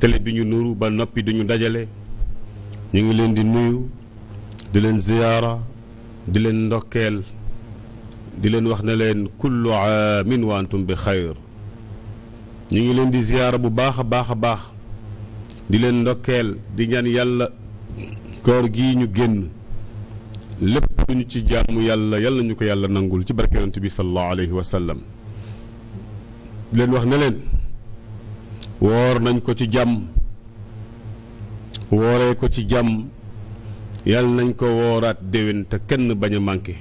télé bi ñu nuru ba noppi duñu dajale ñu ngi leen di nuyu di leen ziyaara di leen ndokkeel di leen wax ne leen kullu aamin wa bi xayr ñu ngi leen di ziyaara bu baax a baax a baax di leen ndokkeel di ñaan yàlla koor gi ñu génn lépp lu ñu ci jaamu yàlla yàlla ñu ko yàlla nangul ci barke bi sallallahu alayhi wa di leen wax ne leen woor nañ ko ci jàmm wooree ko ci jàmm yàlla nañ ko wooraat déwén te kenn bañ a manqué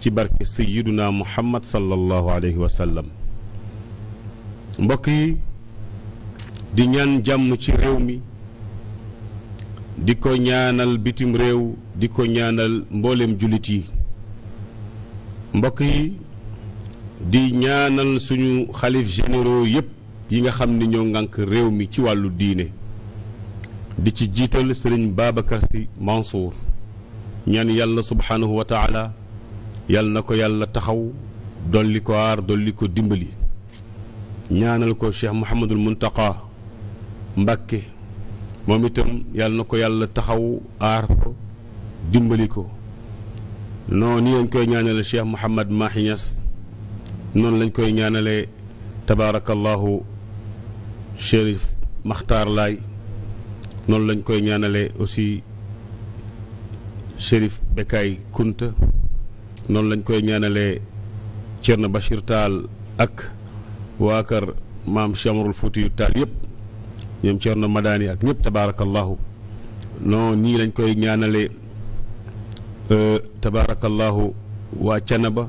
ci barke sayyiduna muhammad sallallahu alayhi wa sallam mbokk yi di ñaan jàmm ci réew mi di ko ñaanal bitim réew di ko ñaanal mbooleem jullit yi mbokk yi di ñaanal suñu xalif généraux yépp yi nga xam ne ñoo ngànk réew mi ci wàllu diine di ci jiital sëriñ Babacar Sy Mansour ñaan yàlla subhaanahu wa taala yàlla na ko yàlla taxaw dolli ko aar dolli ko dimbali ñaanal ko Cheikh Mouhamadul Muntaqa Mbàkke moom itam yàlla na ko yàlla taxaw aar ko dimbali ko noonu lañ koy ñaanale Cheikh Mouhamad Mahi noonu lañ koy ñaanale tabaarakallahu Chérif Makhtar Laay noonu lañ koy ñaanale aussi Chérif Bekay Kunta noonu lañ koy ñaanale na Bachir Taal ak waa kër maam Chamarul Fuutiyu Taal yëpp ñoom Thierno madaani ak ñëpp tabaarakallahu non nii lañ koy ñaanale euh, tabaarakallahu waa Canaba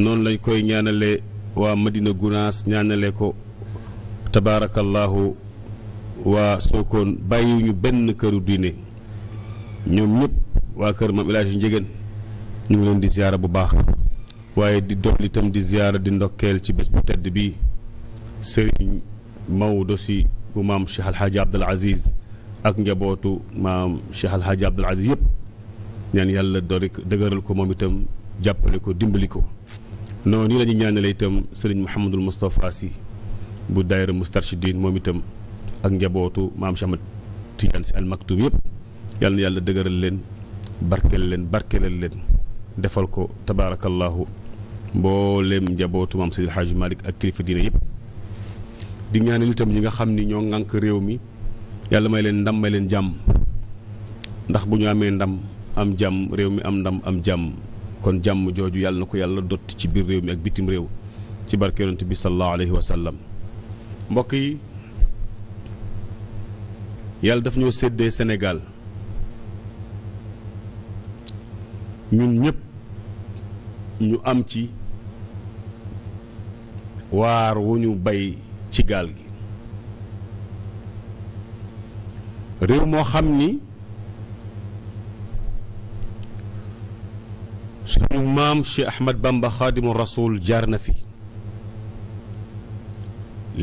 noonu lañ koy ñaanale waa Madina Gunaas ñaanale ko tabaarakallahu waa Sokone bàyyiwuñu benn këru diine ñoom ñëpp waa kër maam El Hadji Ndiéguène ñu leen di ziyaara bu baax waaye di dox itam di ziyaara di ndokkeel ci bés bu tedd bi sëriñ Maodo si bu maam Cheikh Al Hadj Abdoul Aziz ak njabootu maam Cheikh Al ñaan yàlla dori dëgëral ko moom itam jàppale ko dimbali ko noonu la ñaanale itam sëriñ Mouhamadul Moustapha Sy bu daayira Moustarchidine moom itam ak njabootu maam Cheikh Ahmad Tidiane Sy Al Maktoum yëpp yàlla na yàlla dëgëral leen barkeel leen barkeelal leen defal ko tabaarakallaahu mbooleem njabootu maam Seydi El Hadji Malick ak kilifa diine yëpp di itam ñi nga xam ni ñoo ŋànk réew mi yàlla may leen ndam may leen jàmm ndax bu ñu amee ndam am jàmm réew mi am ndam am jàmm kon jàmm jooju yàlla na ko yàlla dott ci biir réew mi ak bitim réew ci barke bi sallallahu alayhi mbokk yi yàlla daf ñoo séddee Sénégal ñun ñëpp ñu am ci waar wu ñu bay ci gaal gi réew moo xam ni suñu maam Cheikh Ahmad Bamba Xaadimu Rasuul jaar na fi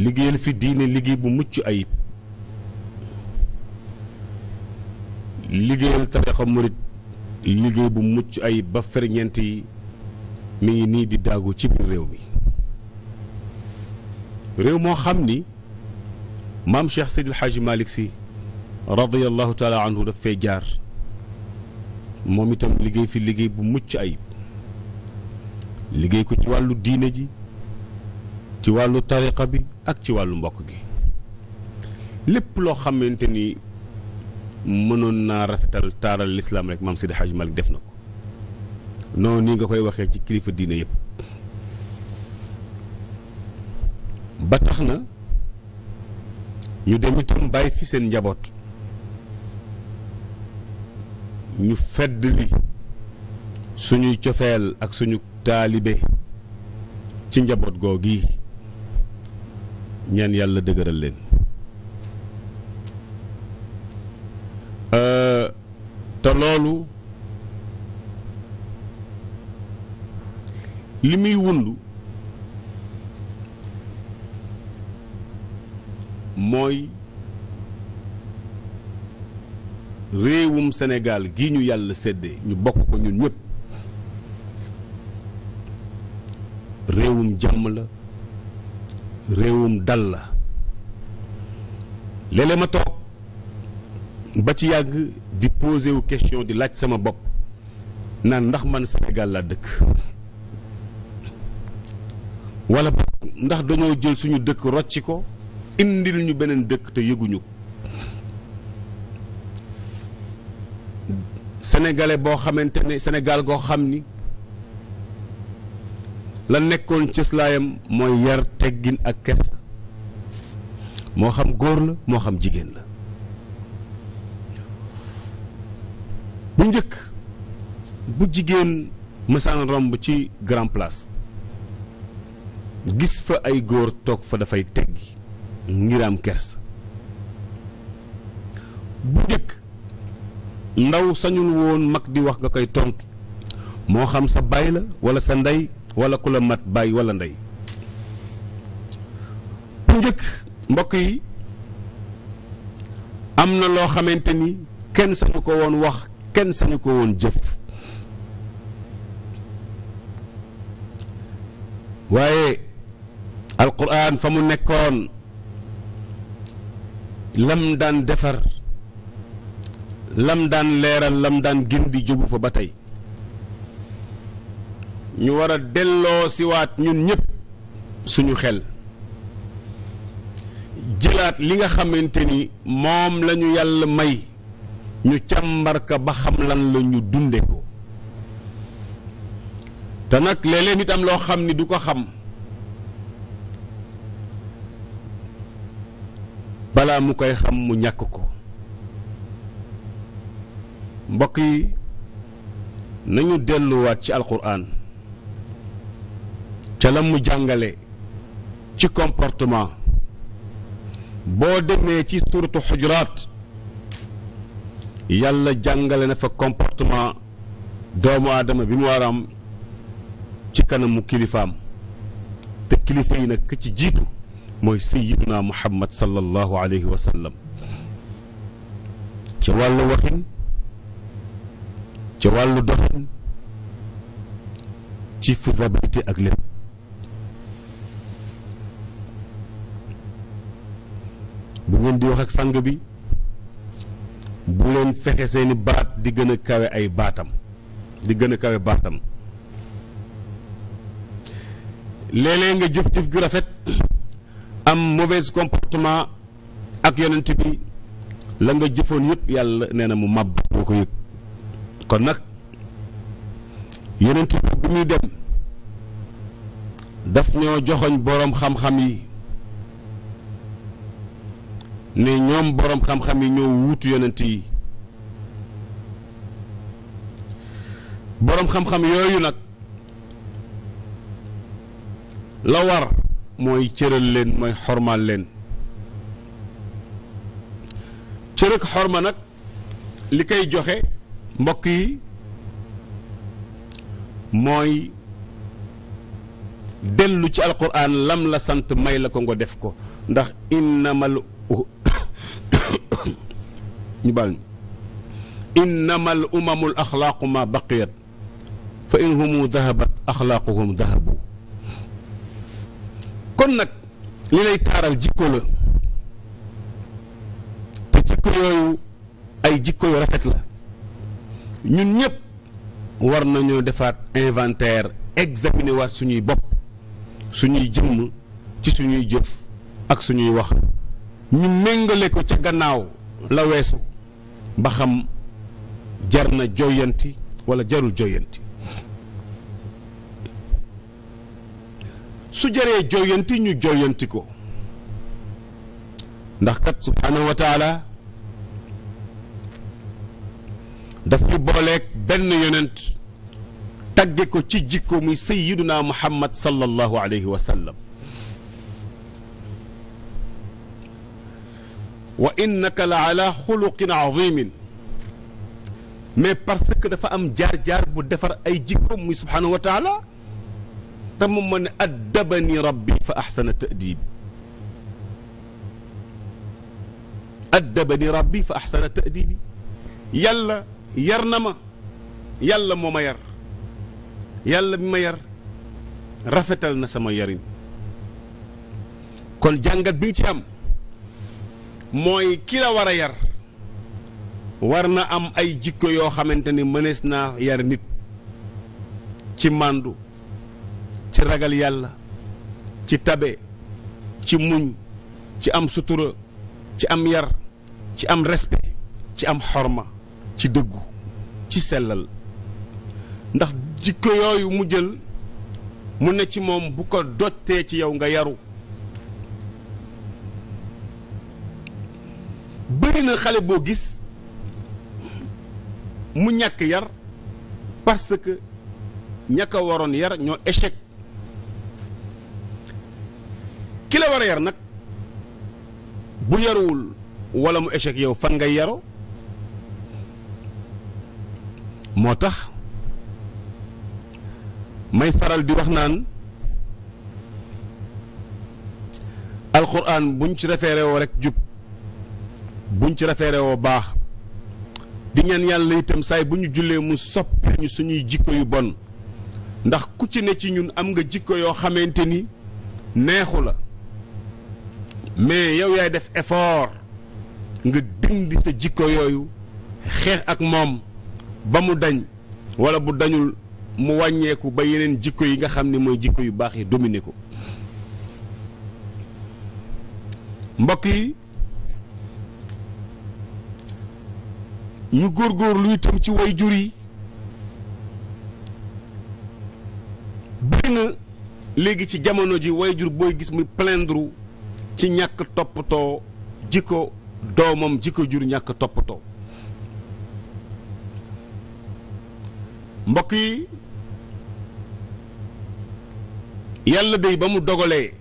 liggéeyal fi diine liggéey bu mucc ayib liggéeyal tarixa murit liggéey bu mucc ayib ba ferñeent yi mi ngi nii di daagu ci biir réew mi réew moo xam ni maam Cheikh Seydil Hadji Malick Sy radiyallahu taala anhu daf fay jaar moom itam liggéey fi liggéey bu mucc ayib liggéey ko ci wàllu diine ji ci wàllu tariqa bi ak ci wàllu mbokk gi lépp loo xamante ni mënoon naa rafetal taaral lislaam rek maam Sidi Hadj Malick def na ko noonu ni nga koy waxee ci kilifa diine yëpp ba tax na ñu dem itam bàyyi fi seen njaboot ñu fedd li suñuy cofeel ak suñu taalibe ci njaboot goo googi ñan yàlla dëgëral leen euh, te loolu li muy wundu mooy réewum Sénégal gi ñu yàlla sedde ñu bokk ko ñun ñëpp réewum jàmm la réewum dal la léeg-léeg ma toog ba ci yàgg di posé wu question di laaj sama bopp naan ndax man Sénégal laa dëkk wala ndax dañoo jël suñu dëkk rocci ko indil ñu beneen dëkk te yëguñu ko sénégalais boo xamante ne senegal goo xam ni la nekkoon cëslaayam mooy yar teggin ak kersa moo xam góor la moo xam jigéen la bu njëkk bu jigéen mësaan romb ci grand place gis fa ay góor toog fa dafay teggi ngir am kersa bu njëkk ndaw sañul woon mag di wax nga koy tontu moo xam sa baay la walla sa ndey wala ku la mat baay walla ndey bu njëkk mbokk yi am na loo xamante ni kenn sañu ko woon wax kenn sañu ko woon jëf waaye alquran fa mu nekkoon lam daan defar lam daan leeral lam daan gindi jógu fa ba tey ñu war a delloo siwaat ñun ñëpp suñu xel jëlaat li nga xamante ni moom lañu yàlla may ñu càmbarka ka ba xam lan lañu dunde ko te nag léeg-léeg nit am loo xam ni du ko xam balaa mu koy xam mu ñàkk ko mbokk yi nañu delluwaat ci alxuraan ca la mu jàngale ci comportement boo demee ci suratu xujuraat yàlla jàngale na fa comportement doomu aadama bi mu war ci kanamu kilifaam te kilifa yi nag ci jiitu mooy sayyiduna muhammad sallallahu alayhi wa ci wàllu waxin ci wàllu doxin ci faisabilité ak lépp bu ngeen di wax ak sang bi bu leen fexe seeni baat di gën a kawe ay baatam di gën a kawe baatam léeg nga jëf jëf gu rafet am mauvais comportement ak yonent bi la nga jëfoon yëpp yàlla nee na mu màbb boo ko yëg kon nag yonent bi bu muy dem daf ñoo joxoñ boroom xam-xam yi ne ñoom boroom xam-xam yi ñoo wuutu yonent yi boroom xam-xam yooyu nag la war mooy cëral leen mooy xormaal leen cërëg xorma nag li koy joxe mbokk yi mooy dellu ci alquran lam la sant may la ko nga def ko ndax innamal ñu baal ñu innamal umamul axlaaqu ma baqiyat fa in humu dahabat axlaaquhum kon nag li lay taaral jikko la te jikko yooyu ay jikko rafet la ñun ñëpp war nañu defaat inventaire examiner waat suñuy bopp suñuy jëmm ci suñuy jëf ak suñuy wax ñu méngale ko ca gannaaw la weesu ba xam jar na joyanti wala jarul joyanti su jëree joyanti ñu joyanti ko ndax kat subhaanahu wa taala daf ñu booleeg benn yonent tagge ko ci jikko muy sayyiduna muhammad sallallahu alayhi wa sallam wa innaka la ala xuluqin azimin mais parce que dafa am jaar-jaar bu defar ay jikkoom muy subhaanahu wa taala te moom ma ne addabani rabbi fa ahsana ta'dibi addabani rabbi fa ahsana ta'dibi yàlla yar na ma yàlla moo ma yar yàlla bi ma yar rafetal na sama yarin kon jàngat bi nga ci am mooy ki la war a yar war na am ay jikko yoo xamante ni mënees naa yar nit ci màndu ci ragal yàlla ci tabe ci muñ ci am sutura ci am yar ci am respect ci am xorma ci dëggu ci sellal ndax jikko yooyu mu jël mu ne ci moom bu ko dottee ci yow nga yaru bëri na xale boo gis mu ñàkk yar parce que ñàkk waroon yar ñoo échec kila la war a yar nag bu yaruwul wala mu échec yow fan ngay yaro moo tax may faral di wax naan alxuraan buñ ci référé woo rek jub buñ ci rafeere woo baax di ñaan yàlla itam saay bu ñu jullee mu soppi ñu suñuy jikko yu bon ndax ku ci ne ci ñun am nga jikko yoo xamante ni neexu la mais yow yaay def effort nga dindi sa jikko yooyu xeex ak moom ba mu dañ wala bu dañul mu wàññeeku ba yeneen jikko yi nga xam ni mooy jikko yu baax yi dominer ko mbokk yi ñu góor góorgóorlu itam ci way jur yi bëri nga léegi ci jamono ji way jur booy gis muy plaindre ci ñàkk toppatoo jikko doomam jikko jur ñàkk toppatoo mbokk yi yàlla day ba mu dogalee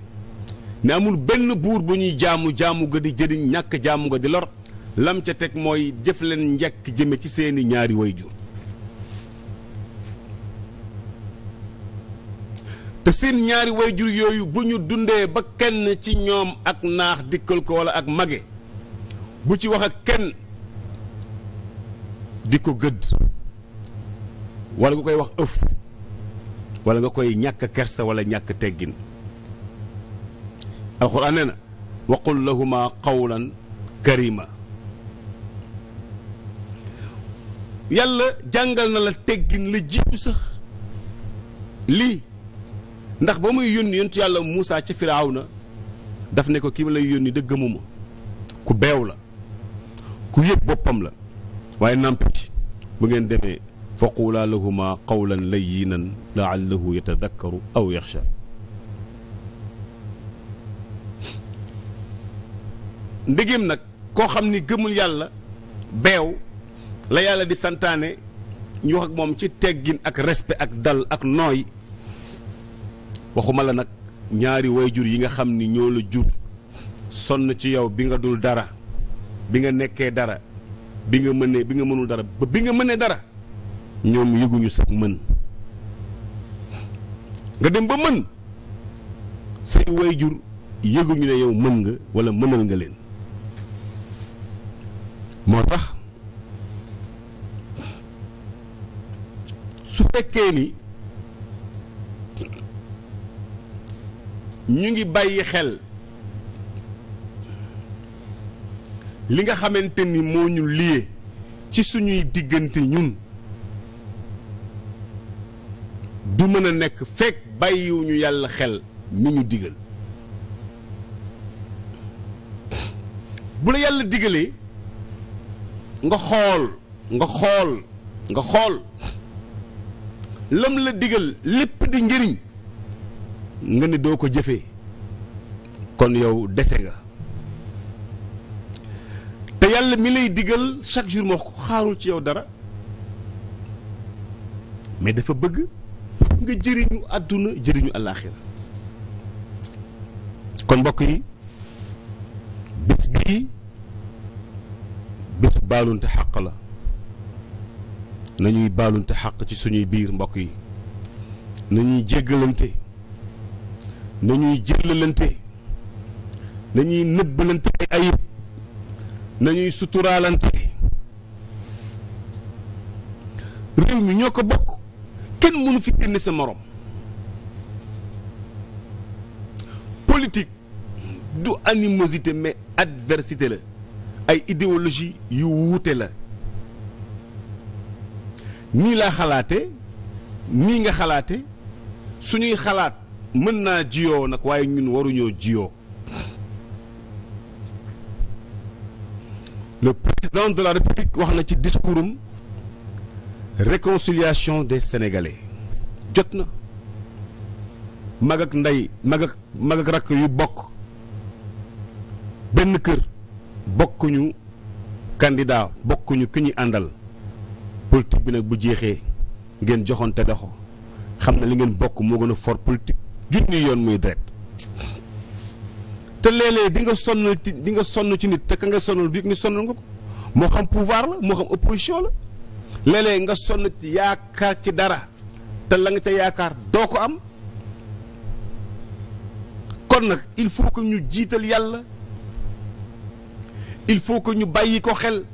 ne amul benn buur bu ñuy jaamu jaamu ga di jëriñ ñàkk jaamu nga di lor lam ca teg mooy jëf leen njëkk jëme ci seeni ñaari wayjur te seen ñaari wayjur yooyu bu ñu dundee ba kenn ci ñoom ak naax dikkal ko walla ak mage bu ci wax ak kenn di ko gëdd walla nga koy wax ëf walla nga koy ñàkk kersa walla ñàkk teggin alxuraan nee na waqul lahuma qawlan karima yàlla jàngal na la teggin la jiitu sax lii ndax ba muy yónni yontu yàlla Moussa ca Firawna daf ne ko ki ma lay yónni da gëmuma ku beew la ku yëg boppam la waaye nàmpi bu ngeen demee fa quulaa lahuma qawlan layyinan laallahu yatadakkaru aw yaxsha ndegem nag koo xam ni gëmul yàlla beew la yàlla di santaane ñu wax ak moom ci teggin ak respe ak dal ak nooy waxuma la nag ñaari way jur yi nga xam ni ñoo la jur sonn ci yow bi nga dul dara bi nga nekkee dara bi nga mënee bi nga mënul dara bi nga mënee dara ñoom yëguñu sax mën nga dem ba mën say jur yëguñu ne yow mën nga walla mënal nga leen moo tax su fekkee ni ñu ngi bàyyi xel li nga xamante ni moo ñu lié ci suñuy diggante ñun du mën a nekk fekk bàyyiwuñu yàlla xel mi ñu digal bu la yàlla diggalee nga xool nga xool nga xool lam la digal lépp di njëriñ nga ne doo ko jëfee kon yow dese nga te yàlla mi lay digal chaque jour moo ko xaarul ci yow dara mais dafa bëgg nga jëriñu àdduna jëriñu àllaaxira kon mbokk yi bés bii bésu baalunte xàq la nañuy baalunte xaq ci suñuy biir mbokk yi nañuy jéggalante nañuy jëllalante nañuy nëbbalante ay ayib nañuy suturaalante réew mi ñoo ko bokk kenn mënu fi génne sa moroom politique du animosité mais adversité la ay idéologie yu wuute la nii laa xalaate nii nga xalaate suñuy xalaat mën naa jiyoo nag waaye ñun waruñoo jiyoo le président de la république wax na ci discours am réconciliation des sénégalais jot na mag ndey mag ak rakk yu bokk benn kër bokkuñu candidat bokkuñu ki ñuy àndal politique bi nag bu jeexee ngeen joxoon joxonte doxo xam na li ngeen bokk moo gën a fort politique junni yoon muy direct te léeg-léeg di nga sonn ci di nga sonn ci nit te ka nga sonnal bi ni sonnal nga ko moo xam pouvoir la moo xam opposition la léeg nga sonn ci yaakaar ci dara te la nga ca yaakaar doo ko am kon nag il faut que ñu jiital yàlla il faut que ñu bàyyi ko xel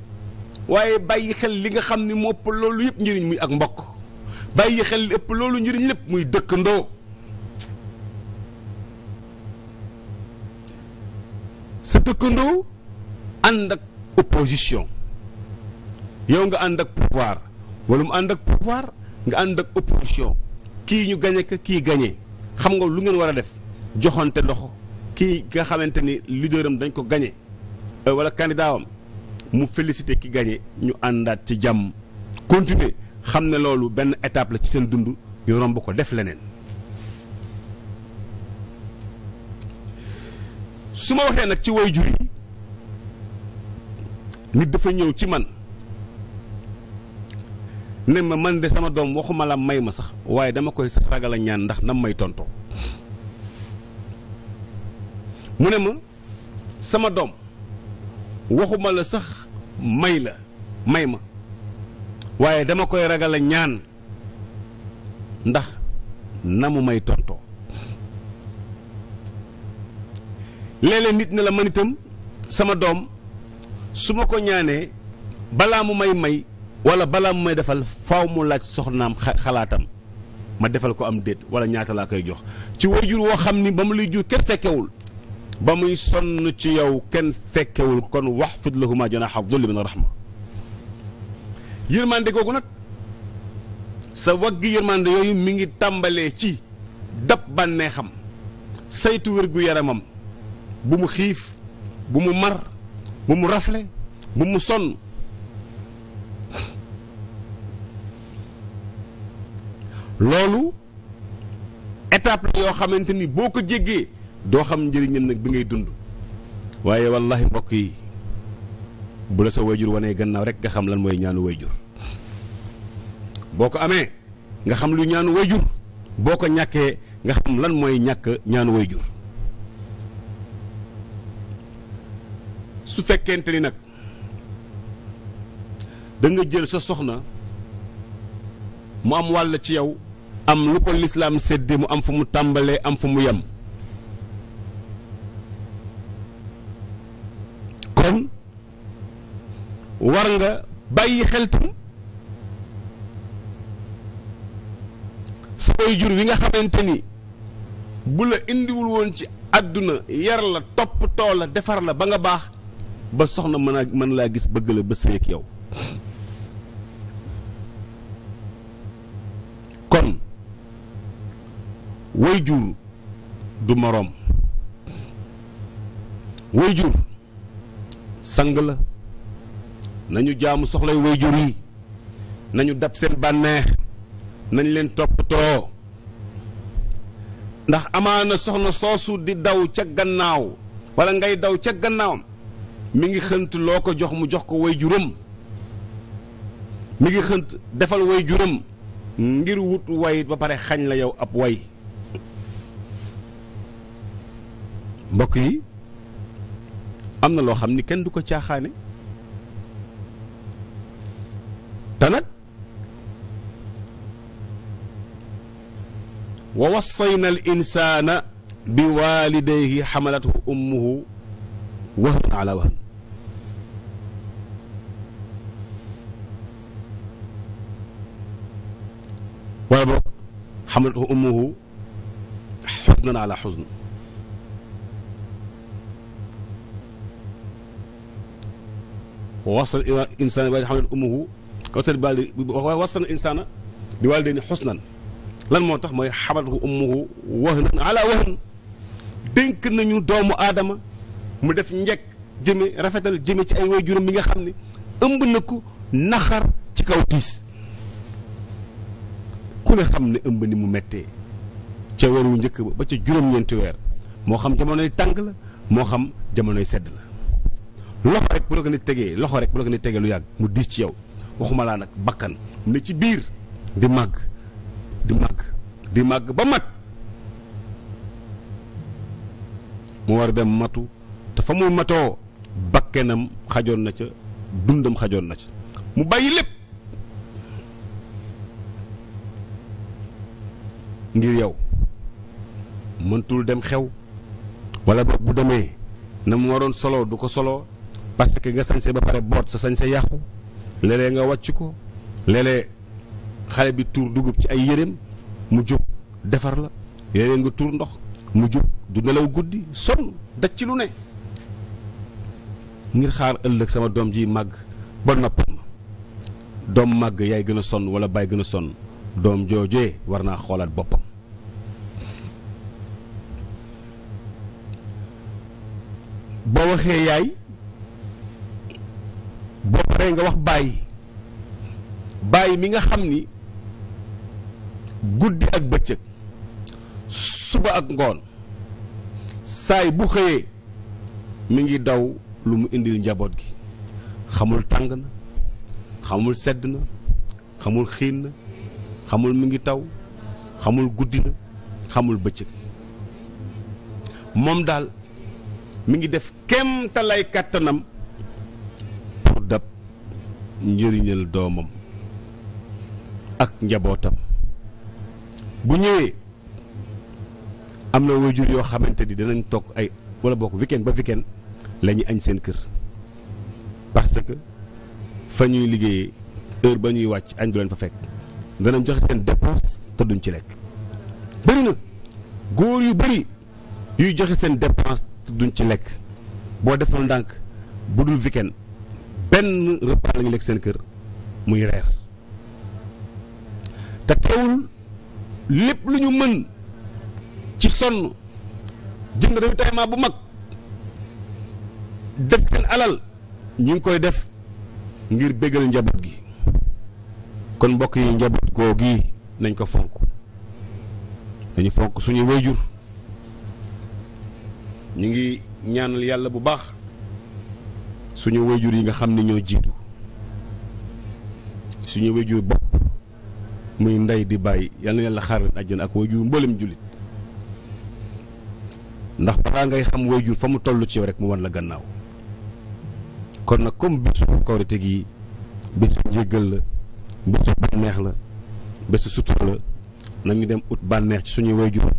waaye bàyyi xel li nga xam ni mopp loolu yëpp njëriñ muy ak mbokk bàyyi xel li ëpp loolu njëriñ lépp muy dëkkandoo sa dëkkandoo ànd ak opposition yow nga ànd ak pouvoir wala mu ànd ak pouvoir nga ànd ak opposition kii ñu gañe ka kii gañe xam nga lu ngeen war a def joxante ndox kii nga xamante ni leader dañ ko gañe wala candidat mu félicité ki gagné ñu àndaat ci jàmm continuer xam ne loolu benn étape la ci seen dund ñu romb ko def leneen. su ma waxee nag ci way yi nit dafa ñëw ci man ne ma man de sama doom waxuma la may ma sax waaye dama koy sax ragal ñaan ndax nam may tontoo mu ne ma sama doom waxuma la sax. may la may ma waaye dama koy ragal ñaan ndax na mu may tontoo léeg-léeg nit ne la man itam sama doom su ma ko ñaanee balaa mu may may wala balaa mu may defal faw mu laaj soxnaam xalaatam ma defal ko am déet wala ñaata laa koy jox ci jur woo xam ni ba mu lay jur kenn fekkewul ba muy sonn ci yow kenn fekkewul kon wax fid lahuma janaaxa dulli min rahma yërmande googu nag sa waggi yërmande yooyu mi ngi tàmbalee ci dab bànneexam saytu wér-gu-yaramam bu mu xiif bu mu mar bu mu rafle bu mu sonn loolu étape la yoo xamante ni boo ko jéggee doo xam njëriñam nag bi ngay dund waaye wallahi mbokk yi bu la sa jur wanee gannaaw rek nga xam lan mooy ñaanu wayjur boo ko amee nga xam lu ñaanu wayjur boo ko ñàkkee nga xam lan mooy ñàkk ñaanu way wayjur su fekkente ni nag da nga jël sa soxna mu am wàll ci yow am lu ko lislaam sédde mu am fu mu tàmbalee am fu mu yem war nga bàyyi xel tam sa way jur wi nga xamante ni bu la indiwul woon ci àdduna yar la toppatoo la defar la ba nga baax ba soxna mën a mën laa gis bëgg la ba sëy yow kon way jur du moroom way jur sang la nañu jaamu soxlay wayjur yi nañu dab seen bànneex nañ leen toppatoo ndax amaana soxna soosu di daw ca gannaaw wala ngay daw ca gannaawam mi ngi xënt loo ko jox mu jox ko woy juróom mi ngi xënt defal wayjuram ngir wut way ba pare xañ la yow ab way mbokk yi am na loo xam ni kenn du ko caaxaane te nag wa wassayna al insaana bi waalidayhi xamalathu ummuhu wahnan ala wahn wala boog xamalathu ummuhu xusnan ala xusn wa wassayna al insaana bi waalidayhi xamalathu ummuhu kawsal baali wasana insaana bi waalidayni xusnan lan moo tax mooy xamalatu ummuhu wahnan ala wahn dénk nañu doomu aadama mu def njekk jëme rafetal jëme ci ay juróom mi nga xam ne ëmb na ko naxar ci kaw tiis ku ne xam ne ëmb ni mu mettee ca weer wu njëkk ba ba ca juróom-ñeenti weer moo xam jamonoy tànk la moo xam jamonoy sedd la loxo rek bu la ko nit tegee loxo rek bu la ko nit tegee lu yàgg mu diis ci yow waxumalaa nag bakkan ne ci biir di màgg di màgg di màgg ba mat mu war dem matu te fa mu matoo bakkenam xajoon na ca dundam xajoon na ca mu bàyyi lépp ngir yow mëntul dem xew walla boog bu demee na mu waroon solo du ko solo parce que nga sañse ba pare boot sa sañ sañse yàqu léeg nga wàcc ko léeg-léeg xale bi tuur dugub ci ay yéreem mu jóg defar la léeg nga tuur ndox mu jóg du nelaw guddi sonn daj ci lu ne ngir xaar ëllëg sama doom ji màgg ba noppal doom màgg yaay gën a sonn wala baay gën a sonn doom joojee war naa xoolaat boppam boo waxee yaay pare nga wax bàyyi bàyyi mi nga xam ni guddi ak bëccëg suba ak ngoon saay bu xëyee mu ngi daw lu mu indil njaboot gi xamul tàng na xamul sedd na xamul xiin na xamul mi ngi taw xamul guddi na xamul bëccëg moom daal mi ngi def kem kàttanam njëriñal doomam ak njabootam bu ñëwee am na waajur yoo xamante ni danañ toog ay wala bokk weekend ba weekend lañuy añ seen kër parce que fa ñuy liggéeye heure ba ñuy wàcc añ du leen fa fekk danañ joxe seen dépense te duñ ci lekk bëri góor yu bëri yuy joxe seen dépense te duñ ci lekk boo defal ndànk bu dul weekend benn repas la ñu lekk seen kër muy reer te teewul lépp lu ñu mën ci sonn jënd ravitaillement bu mag def seen alal ñu ngi koy def ngir béggal njaboot gi kon mbokk yi njaboot goo gi nañ ko fonk dañu fonk suñuy wayjur ñu ngi ñaanal yàlla bu baax suñu wayjur yi nga xam ne ñoo jiitu suñu wayjur bopp muy ndey di bàyyi yal na yàlla xaaral àjjana ak wayjur mboolem jullit ndax balaa ngay xam wayjur fa mu toll ci yow rek mu wan la gannaaw kon nag comme bésu kawrite gi bésu njéggal la bésu bànneex la bésu sutura la nañu dem ut bànneex ci suñu wayjur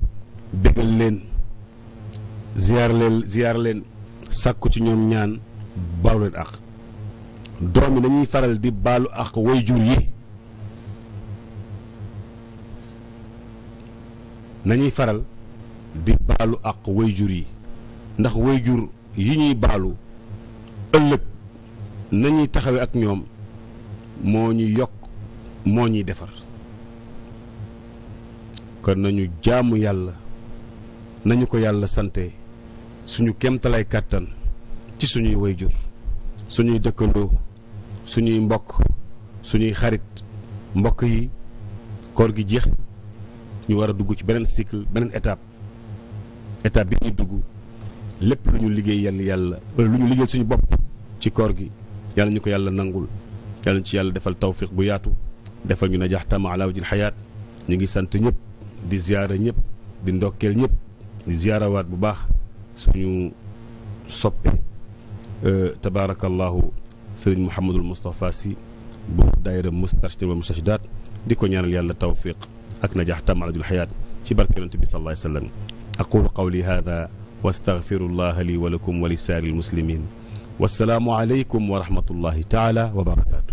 bégal leen ziyaar leen ziyaar leen sàkku ci ñoom ñaan baalu leen àq doom yi dañuy faral di baalu àq waajur yi nañuy faral di baalu àq waajur yi ndax jur yi ñuy baalu ëllëg nañuy taxawe ak ñoom moo ñuy yokk moo ñuy defar kon nañu jaamu yàlla nañu ko yàlla sante suñu kemtalaay kàttan ci suñuy wayjur suñuy dëkkandoo suñuy mbokk suñuy xarit mbokk yi koor gi jeex ñu war a dugg ci beneen cycle beneen étape étape bi ñuy dugg lépp lu ñu liggéey yàlla yàlla lu ñu liggéey suñu bopp ci koor gi yàlla ñu ko yàlla nangul yàlla ñu ci yàlla defal tawfiq bu yaatu defal ñu najaax tàmm ala wajil xayaat ñu ngi sant ñëpp di ziyaara ñëpp di ndokkeel ñëpp di ziyaarawaat bu baax suñu soppe Euh, tabaarakallahu sëriñ Mouhamadul Moustapha Sy bu daayira Moustarchidine wal Moustarchidaat di ko ñaanal yàlla tawfiq ak najaax tam alajul xayaat ci barke yonent bi sallallahu alayhi wa sallam aqulu qawli hada wa astaghfirullaha li wa lakum wa li saari lmuslimin wassalaamu aleykum wa rahmatullahi taala wa barakaatu